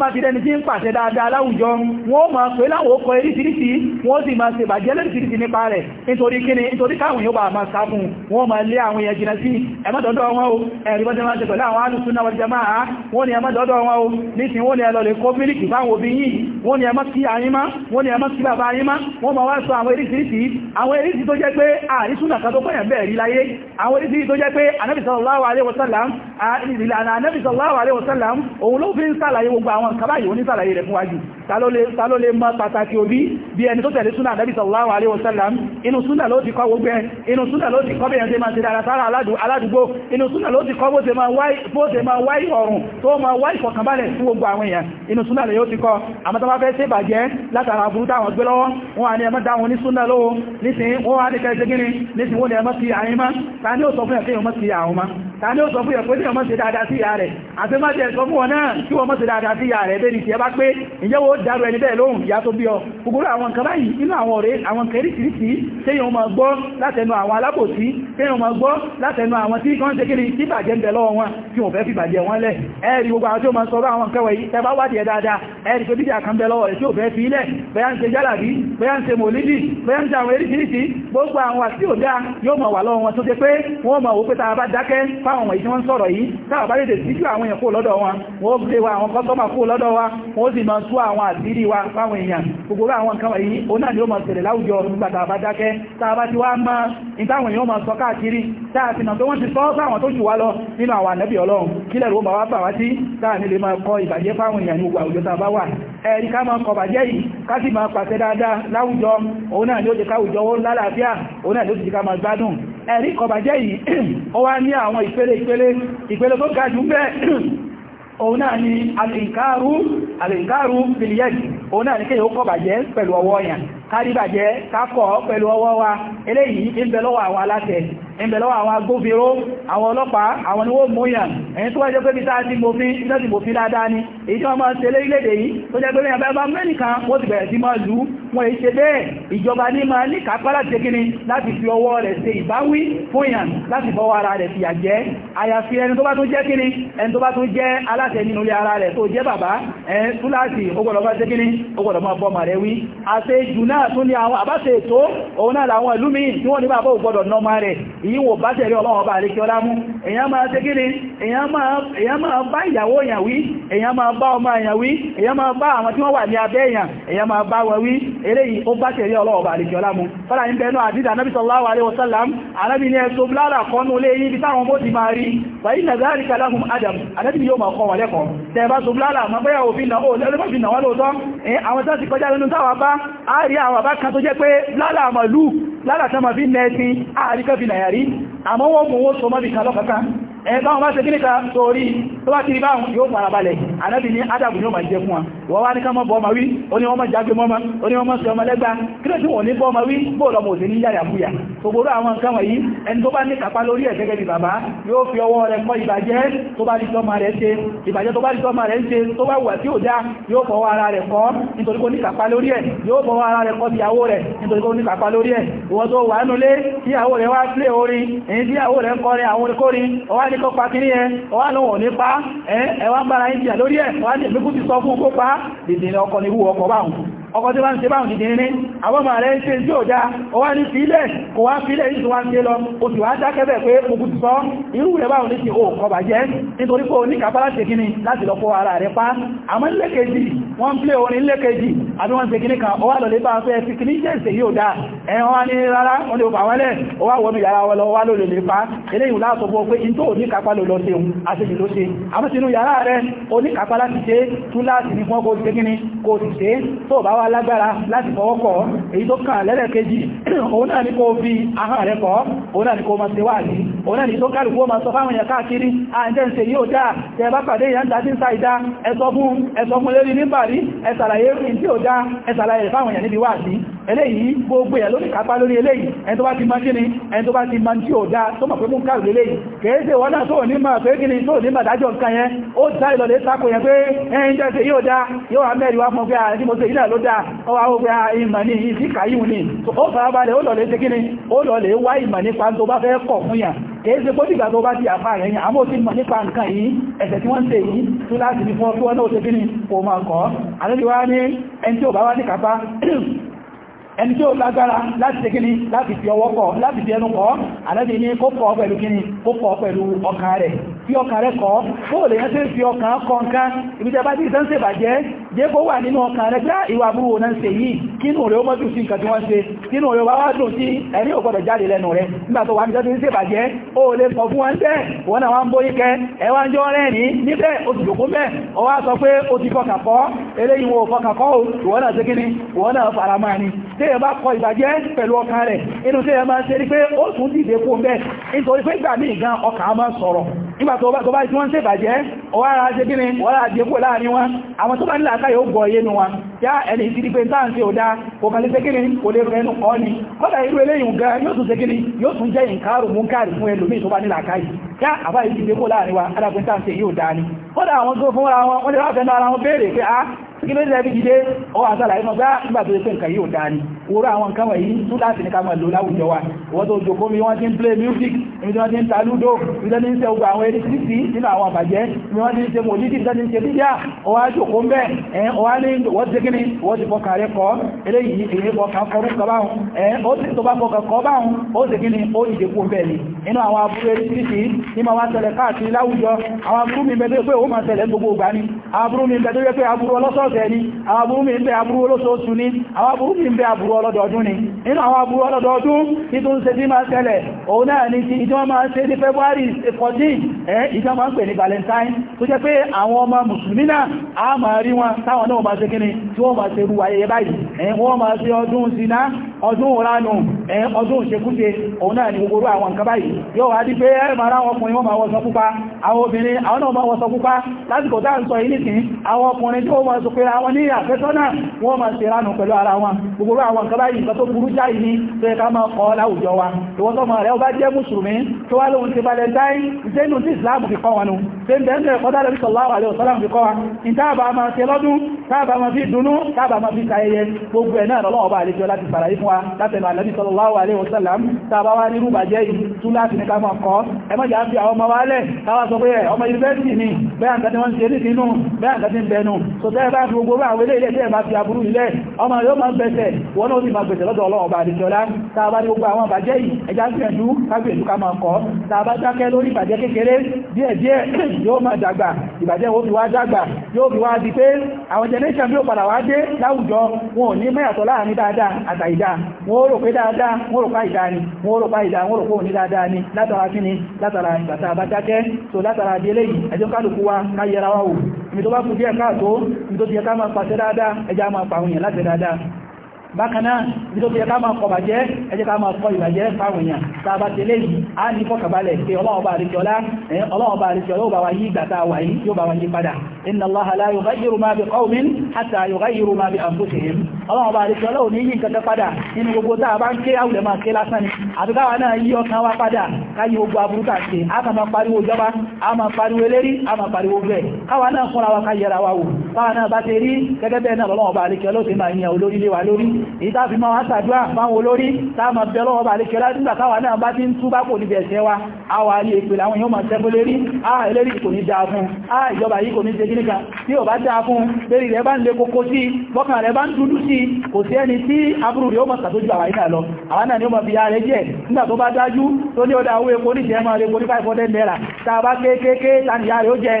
B: bá ti rẹni tí ń pàṣẹ dáadáa láwùjọ wọ́n máa pè láwọn ọkọ̀ eríṣìíríṣìí wọ́n sì máa ṣe bàjẹ́ lẹ́rìṣìíríṣìí nípa rẹ̀ nítorí kíni nítorí káwọn yóò bá máa sáfún wọ́n máa lé àwọn èèyàn jìnà sí ẹmọ́dọ́dọ́ wọn o ẹ̀rí bọ́jẹ́ máa ṣe pẹ̀lú àwọn alùsúnà wal jamaa wọ́n ni ẹmọ́dọ́dọ́ wọn o nísìn wọ́n ni ẹlọ lè kó mílìkì fáwọn òbí yìí wọ́n ni ẹmọ́ sí àyímá wọ́n ni ẹmọ́ sí bàbá àyímá wọ́n máa wá sọ àwọn eríṣìíríṣìí àwọn eríṣìí tó jẹ́ pé àrísúnà kan tó pẹ̀yàn bẹ́ẹ̀ rí láyé àwọn eríṣìí tó jẹ́ pé anábìsọ̀láwà alẹ́wọ̀sálàm òun ló fi ń sàlàyé gbogbo àwọn àwọn nǹkan báyìí onísàlàyé rẹ̀ fún wájú ta ló lè mọ̀ pàtàkì òbí bí ẹni tó tẹ̀lé súnà Ànábì sallallahu alaihi wasallam inú súnà ló ti kọ́ gbogbo ẹ inú súnà ló ti kọ́ bí ẹni máa ti dára sára aládùúgbò inú súnà ló ti kọ́ bó ṣe máa wá ọ̀rùn tó máa wá ìfọ̀kànbalẹ̀ fún gbogbo àwọn èèyàn inú súnà lè yóò ti kọ́ àmọ́tọ́bá fẹ́ ṣe bàjẹ́ látara burú táwọn gbé lọ́wọ́ wọn a ní ẹmọ́ dáwọn ní súnà lọ́wọ́ nísìn wọ́n wá ní kẹsẹ̀ gíní nísìn wọ́n ní ẹmọ́ sí àyímá ta ní ó sọ fún ẹ̀kẹ́ ìyọmọ́ sí àwọn ma ta ní ó sọ fún ẹ̀kẹ́ ìyọmọ́ sí dáadáa sí ìyá rẹ̀ àti má ti ẹ̀sọ́ fún wọn náà kí wọ́n mọ́ sí dáadáa sí ìyá dáadáa rẹ̀ bẹ́ẹ̀ ni tí ẹ bá pé ìjẹ́wò dárò ẹni bẹ́ẹ̀ lóhùn ìyá tó bí ọ gbogbo àwọn nǹkan báyìí inú àwọn ọ̀rẹ́ àwọn kẹrìsìrìsì téèyàn máa gbọ́ látẹnu àwọn alábòsí téèyàn máa gbọ́ látẹnu àwọn tí kan ṣe kiri tí bàjẹ́ ń bẹ lọ́wọ́ wọn tí wọ́n fẹ́ fi bàjẹ́ wọn lẹ̀ ẹ̀rí gbogbo àwọn tí ó máa sọ̀rọ̀ lọ́dọ̀ wa wọ́n sì máa tú àwọn àdírí wa fáwọn èèyàn gbogbo àwọn nǹkan wọ̀nyí o náà ni ó máa ṣẹlẹ̀ láwùjọ nígbàtà bá dákẹ́ tàbá ti wá máa ìtàwọn èèyàn máa sọ káàkiri táàtì náà tó wọ́n ti sọ fáwọn tó jù wá lọ nínú àwọn ànẹ́bì ọlọ́run kílẹ̀ ló máa wá bà wá sí táà nílé máa kọ ìbàjẹ́ fáwọn èèyàn ní gbogbo àwùjọ tàbá wà ẹ̀rí ká ni ó jẹ káwùjọ ó lálàáfíà òun náà òun náà ni alìǹkárù alìǹkárù bìlìyàjì òun náà ni kéyàn ó kọ́ bàjẹ́ pẹ̀lú ọwọ́ yàn káríbàjẹ́ kákọ̀ pẹ̀lú ọwọ́ wa eléyìí ń bẹ lọ́wọ́ àwọn aláṣẹ ń bẹ lọ́wọ́ àwọn agbófinró àwọn ọlọ́pàá àwọn ni wọ́n mú yàn ẹ̀yìn tó wá jẹ́ pé bí táà ti mòfin iná ti mòfin dáadáa ni èyí tí wọ́n máa ń ṣe lórílẹ̀-èdè yìí tó jẹ́ pé lẹ́yìn abẹ́bá mẹ́nìkan wọ́n ti bẹ̀rẹ̀ sí máa lù wọ́n èyí ṣe bẹ́ẹ̀ ìjọba ní máa ní kápá láti kíni láti fi ọwọ́ rẹ̀ ṣe ìbáwí fún yàn láti fọwọ́ ilé náà tún ní àwọn àbáṣe ètò òun náà làwọn ìlú míì tí wọ́n ní bàbá ò gbọ́dọ̀ nọ́mà rẹ̀ ìyíwò bá tẹ̀lé ọlọ́wọ́ bá àríkẹ́ ọlá mú èyàn máa ṣe gíní èyàn máa bá ìyàwó èyàn wí èyàn máa bá ọmọ èyàn wí èyàn máa bá àwọn tí wọ́n wà ní abẹ́ èyàn èyàn máa bá wọn wí eléyìí ó bá tẹ̀lé ọlọ́ọ̀bà àlejò ọlámú fọ́nà ń bẹnu àdídà náà sallallahu alaihi wasallam alábi ní ẹ̀sọ́ lára kọnu lé yí bí táwọn bó ti máa rí wàyí nà adam alábi yóò máa kọ wọn lẹ́kọ̀ọ́ tẹ́ bá sọ lára mọ́ bẹ́yà òfin náà ó lẹ́lẹ́mọ́ fi náà wọ́n lóòótọ́ àwọn tó ti lára tán ma fi nẹ́ẹ̀sìn àríkà fi nàyàrí àmọ́ wọ́n mú wọ́n so mọ́bí kan ẹ̀ẹ́kọ́ wọn bá ṣe kíníkà torí tó bá ti rí báhùn yóò farabalẹ̀ ànábì ní adàbù ní ó máa jẹ fún wọn wọ́n wá ní ká mọ́ bọ́ ọmọ wí ó ní wọ́n mọ́ jágbé mọ́mọ́ ó ní wọ́n mọ́ sí ọmọ lẹ́gbà kílẹ̀ tí wọ́n ní bọ́ ọmọ wí bóòlọ́ mọ̀ sí ní yàrá fúyà gbogbo àwọn nǹkan wọ̀nyí ẹni tó bá ní kápá lórí ẹ̀ gẹ́gẹ́ bí bàbá yóò fi ọwọ́ rẹ̀ kọ́ ìbàjẹ́ tó bá rí tọ́mà rẹ̀ ṣe ìbàjẹ́ tó bá rí tọ́mà rẹ̀ ṣe tó bá wà tí ó dá yóò fọwọ́ ara rẹ̀ kọ́ nítorí kó ní kápá lórí ẹ̀ yóò fọwọ́ ara rẹ̀ kọ́ ti àwó rẹ̀ nítorí kó ní kápá lórí ẹ̀ ìwọ́n tó wà nulé tí àwó rẹ̀ wá sílé orin èyí tí àwó rẹ̀ kọrin àwọn orin kórin ọwá ní kọ́ pa kìí ẹ ọwá lọ́wọ́ ní pa ẹwà bára ìjìyà lórí ẹ̀ wá ní ẹ̀mẹ́kú ti sọ fún kó pa dìdìnà ọkọ̀ nírú ọkọ̀ báhùn ọkọ̀ tí wá ń ṣe báhùn dìdì ní àwọ́mà rẹ̀ ṣe tí ó já ó wá ní fílẹ̀ kò wá fílẹ̀ yìí tó wá ń ṣe lọ o sì wá dákẹ́bẹ̀ pé ogun ti sọ irú rẹ̀ báhùn ní ti ó kọba jẹ́ nítorí pé oníkàpá láti kíní láti lọ kó ara rẹ̀ pa àmọ́ lẹ́kẹ̀ẹ́jì wọ́n plé orin lẹ́kẹ̀ẹ́jì àbí wọ́n ṣe kíní kan ó wá lọ lé bá fẹ́ fi kíní jẹ́ ìṣe yóò dá ẹ̀wọ́n wá ní rárá wọ́n wá lágbára láti fọwọ́kọ̀ èyí tó kàn lẹ́lẹ́kejì òun náà ní kó fi ahọ́n rẹ̀ kọ́ òun náà ní kó máa ṣe wáàdí òun náà ní tó kálùkú ó máa sọ fáwọn èèyàn káàkiri àìjẹ́ǹsẹ̀ ah, yóò dáa tẹ bá pàdé ìyá ń dá sí ṣáìdá ẹsọ fún ẹsọ fún lérí níbàrí ẹsàlàyé rìn tí ó dáa ẹsàlàyé rẹ̀ fáwọn èèyàn níbi wà sí eléyìí gbogbo ẹ̀ lórí kápá lórí eléyìí ẹni tó bá ti máa kíni ẹni tó bá ti máa tí ò dáa tó mọ̀ pé mú káàrù lélẹ́yìí kèése ni ó farabalẹ̀ ó lọ̀lẹ̀ ṣe kíni ó lọ̀lẹ̀ kèése kó dìgbà tó bá di àfá rẹ̀ yìn àmó tí mọ̀ nípa nǹkan yìí ẹ̀sẹ̀ tí wọ́n ń tè yìí tó láti ní fún ọkúwọ́n náà ṣe bí ní òmà ọkọ̀ àdébíwá ní ẹni tí ò bá wá ní kápá ẹni tí ó lágbára láti ṣe kíni láti fi ọwọ́ kọ̀ láti fi ẹnu kọ́ àdébí ní kó kọ́ pẹ̀lú kíni kó kọ́ pẹ̀lú ọkàn rẹ̀ fi ọkàn rẹ kọ́ bóò lè yẹn tí ń fi ọkàn kọ nǹkan ibi tẹ́ bá tí ìsẹ́ ń ṣe bàjẹ́ jẹ́ kó wà nínú ọkàn rẹ pé ah, ìwà burú náà ń ṣe yìí kínú rẹ̀ ó mọ́jú sí nǹkan tí wọ́n ṣe kínú rẹ̀ wá wá dùn sí ẹ̀rí ò gbọ́dọ̀ jáde lẹ́nu rẹ̀ nígbà tó wà ní tẹ́tí ń ṣe bàjẹ́ ó lè sọ fún wọn tẹ́ wọn náà wọ́n ń bóyí kẹ ẹwà ń jọ rẹ̀ ní níbẹ̀ ó ti jòkó mẹ́ ọ wá sọ pé ó ti fọkàn kọ́ eléyìí wọn ò fọkàn kọ́ ìwọ́n náà ṣe kíni ìwọ́n náà fara máa ni tẹ́yẹ bá kọ ìbàjẹ́ pẹ̀lú ọkàn rẹ̀ nígbà tó bá tí wọ́n ń ṣèbàjẹ́ ọwára ṣe gíní wọ́n àti ẹkù láàrin wọn àwọn tó bá nílà àkáyà ó gbọ́ yẹnu wọn yá ẹni ìsìdí pé táà ń ṣe òdá kò kàn lè ṣe gíní kò lè rẹnu kọ́ ni kọ́dà irú eléyìn gan yóò tún ṣe gíní yóò tún jẹ́ ìkárù mú káàrì fún ẹlòmíì tó bá nílà àkáyà yá àbá ìsìdí pé láàrin wa adágún táà ń ṣe yóò dá ni kọ́dà àwọn tó fún wọn wọ́n lè ráfẹ́ náà ara wọn béèrè pé ah, kí ló dẹ̀bí jíde ọ àtàlà ẹmọ bá nígbà tó ṣe nǹkan yóò dáa ni orú àwọn nǹkan wọ̀nyí tó láti ní music ibi tí wọ́n ti ń ta ludo ibi tí wọ́n ti ń ṣe ogun àwọn eré títí nínú àwọn àbàjẹ́ ibi wọ́n ti ń ṣe mòlídì ibi tí wọ́n ti ń ṣe dídá ọwá jòkó ń bẹ́ ni inú àwọn aburú eré títí ní máa wá ṣẹlẹ̀ káàkiri láwùjọ àwọn aburú mi bẹ́ẹ̀ pé ó máa ṣẹlẹ̀ gbogbo ìgbà ni aburú mi bẹ́ẹ̀ pé ọ̀sẹ̀ ni àwọn aburú mi ń bẹ aburú olóṣooṣù ni àwọn aburú mi ń bẹ aburú ọlọ́dọọdún ni nínú àwọn aburú ọlọ́dọọdún ní tó ń ṣe tí máa ṣẹlẹ̀ òun náà ni ti ìjọ máa ṣe ní February 14 ẹ̀ ìjọ máa ń pè ní Valentine tó jẹ́ pé àwọn a máa rí wọn táwọn náà máa ṣe kíni tí wọ́n máa ṣe rú ayẹyẹ báyìí ọdún òránù ọdún òṣèkúṣe òun náà ni gbogbo àwọn nǹkan báyìí yóò wá dí pé ẹ̀rẹ̀mà ráwọn ọkùnrin wọ́n ma wọ́sọ púpá àwọn obìnrin àwọn náà ma wọ́sọ púpá lásìkò tá ń sọ yìí nìsín àwọn ọkùnrin tí ó ma sọ pé àwọn ní àfẹ́sọ́nà wọ́n ma ṣe ránù pẹ̀lú ara wọn gbogbo àwọn nǹkan báyìí nǹkan tó burú jáì ní tó yẹ ká máa kọ́ láwùjọ wa ìwọ́n tó mọ̀ rẹ̀ ó bá jẹ́ mùsùlùmí tó wá lóhun ti balẹ̀ dáì wa látẹnu ànábì sallallahu alaihi wasallam tàbá wá nírú bàjẹ́ yìí túláàsì ní káfà kọ́ ẹmọ́jà fi àwọn ọmọ wálẹ̀ káwà sọ pé ọmọ yunifásitì ni bẹ́ẹ̀ nǹkan tí wọ́n ń ṣe nìkan inú bẹ́ẹ̀ nǹkan tí ń àwọn ilé ilé bí ó padà wá dé láwùjọ wọn ò ní mẹ́yàtọ̀ láàrin dáadáa àtàìdáa wọ́n rò pé dáadáa wọ́n rò pá ìdá ni wọ́n rò pá ìdá wọ́n rò pé òní dáadáa ni látara kí ni látara ìgbàta àbájákẹ́ so látara di eléyìí ẹjọ́ kálukú wa ká yẹra wa wò ibi kú díẹ̀ káàtó ibi tó bákanáà bí tó fi ẹka máa kọ bàjẹ́ ẹjẹ́ ká máa kọ ìbàjẹ́ fáwọn èèyàn tàbá tẹ́lẹ̀ yìí a ní fọ́kàbalẹ̀ pé ọlọ́ọ̀bá àríkẹ́ọlá ọlọ́ọ̀bá àríkẹ́ọlá yóò bá wa yí ìgbàta wà yí yóò bá wa yí padà inna Allaha la yughayyiru ma bi qawmin hatta yughayyiru ma bi anfusihim ọlọ́ọ̀bá àríkẹ́ọlá ò ní yí nǹkan padà nínú gbogbo tá a bá ń ké àwùlẹ̀ máa ké lásán ni àti káwa náà yí ọkàn wa padà ká ìdáfi ma wá tàbíwá fáwọn olórí táàmà bẹ lọ́wọ́ bà lékẹ́lá nígbà táwà náà bá ti ń túbá kò níbi ẹ̀ṣẹ̀ wa a wà ní ìpìlẹ̀ àwọn èèyàn máa tẹ́kọ́ lérí a eléri kò ní dáa fún a ìjọba yìí kò ní ṣe gíníkà tí ò bá dáa fún lérí rẹ̀ bá ń le kókó sí bọ́kàn rẹ̀ bá ń dúdú sí kò sí ẹni tí aburú rẹ̀ ó mọ̀ sàtójú àwà iná lọ àwọn náà ni ó mọ̀ fi ara rẹ̀ jẹ́ nígbà tó bá dájú tó ní ọdá owó epo ní máa lè kó ní tàbá kéèkéé tàbí ìyá rẹ̀ ó jẹ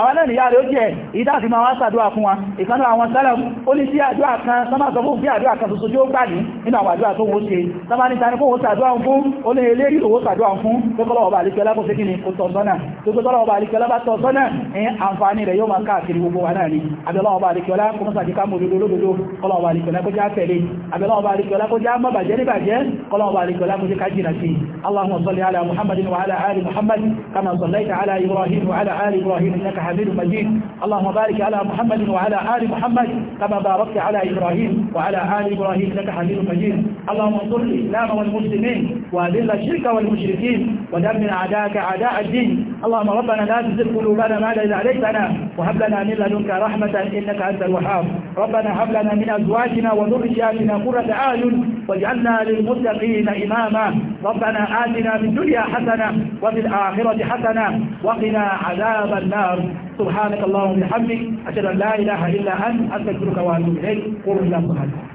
B: àwọn náà ìyá rẹ̀ ó jẹ ìdáàfí ma wá sàdúwà fún wa ìkanú àwọn sálàm ó ní sí àdúwà kan sọ́mà sọ fún bí àdúwà kan tuntun tí ó gbà ní nínú àwọn àdúwà tó wó ṣe sọ́mà ní tani kóhó sàdúwà fún ó ní ilé ìrówó sàdúwà fún tó kọ́lọ̀ ọba àlíkẹ́lá kó sé kí ni kó tọ̀ sọ́nà tó tó kọ́lọ̀ ọba àlíkẹ́lá bá tọ̀ sọ́nà ni abẹ́lá ọba àlíkẹ́lá kó mọ́sàdí ká mọ̀ lódó Muhammadin wa ali Muhammad kama صليت على إبراهيم وعلى آل إبراهيم إنك حميد مجيد اللهم بارك على محمد وعلى آل محمد كما باركت على إبراهيم وعلى آل إبراهيم إنك حميد مجيد اللهم انصر الإسلام والمسلمين وأذل الشرك والمشركين ودمر أعداءك أعداء الدين اللهم ربنا لا تزغ قلوبنا بعد إذ هديتنا وهب لنا من لدنك رحمة إنك أنت الوهاب ربنا هب لنا من أزواجنا وذرياتنا قرة أعين واجعلنا للمتقين إماما ربنا آتنا في الدنيا حسنة وفي الآخرة حسنة ربنا وقنا عذاب النار سبحانك
A: اللهم وبحمدك أشهد أن لا إله إلا أنت أستغفرك وأتوب إليك قل الله سبحانك